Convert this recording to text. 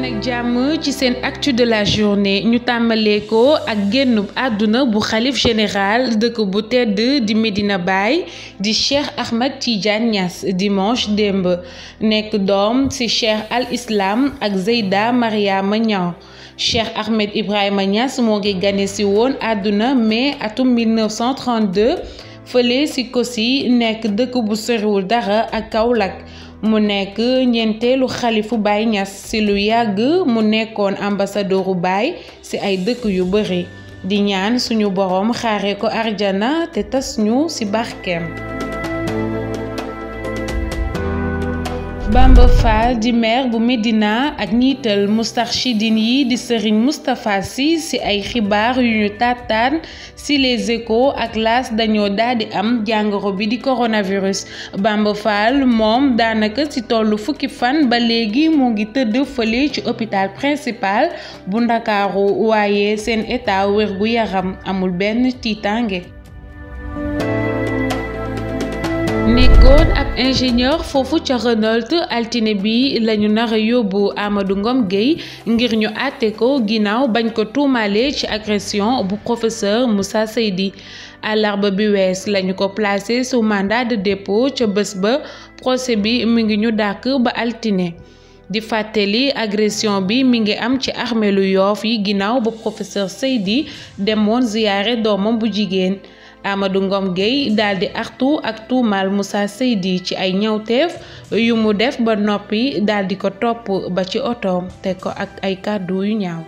dal nag jàmm ci seen actu de la journée ñu tàmbalee ko ak génnub àdduna bu xalif général dëkk bu tedd di Medina bay di Cheikh Ahmed Tidiane Niass dimanche démb nekk doom ci Cheikh Al Islam ak Zeyda Mariama Niang Cheikh Ahmed Ibrahima Niass moo ngi gane si woon àdduna mai atum 1932 fële si Kossy nekk dëkk bu soriwul dara ak Kaolack mu nekk ñeenteelu xalifu bay Niass ci lu yàgg mu nekkoon ambassadeuru baay ci ay dëkk yu bari di ñaan suñu boroom xaare ko arjana te tas ñu ci barkeem Bamba Fall di maire bu Médina ak njiital Moustarchidine yi di Serigne Moustapha si ci ay xibaar yu ñu tàttaan ci les échos ak laas dañoo daldi am jàngoro bi di coronavirus Bamba Fall moom daanaka ci tollu fukki fan ba léegi mu ngi tëdd fële ci hôpital principal bu Ndakaaru waaye seen état wér gu yaram amul benn tiitaange nekkoon ab ingénieur foofu ca Renault altine bi lañu nar a yóbbu amadu Ngom Guèye ngir ñu àtte ko ginnaaw bañ ko tuumaale ci agression bu professeur musa Seydi àllarba bi wees lañu ko placé sous mandat de dépôt ca bés ba procès bi mu ngi ñu dàkk ba altine di fàtte li agression bi mi ngi am ci armeelu Yoff yi ginnaaw bu professeur Seydi demoon ziyaare doomam bu jigéen amadu Ngom géey daldi di artu ak tuumaal Moussa Seydi ci ay ñawteef yu mu def ba noppi daal di ko topp ba ci otoom te ko ak ay kàddu yu ñaaw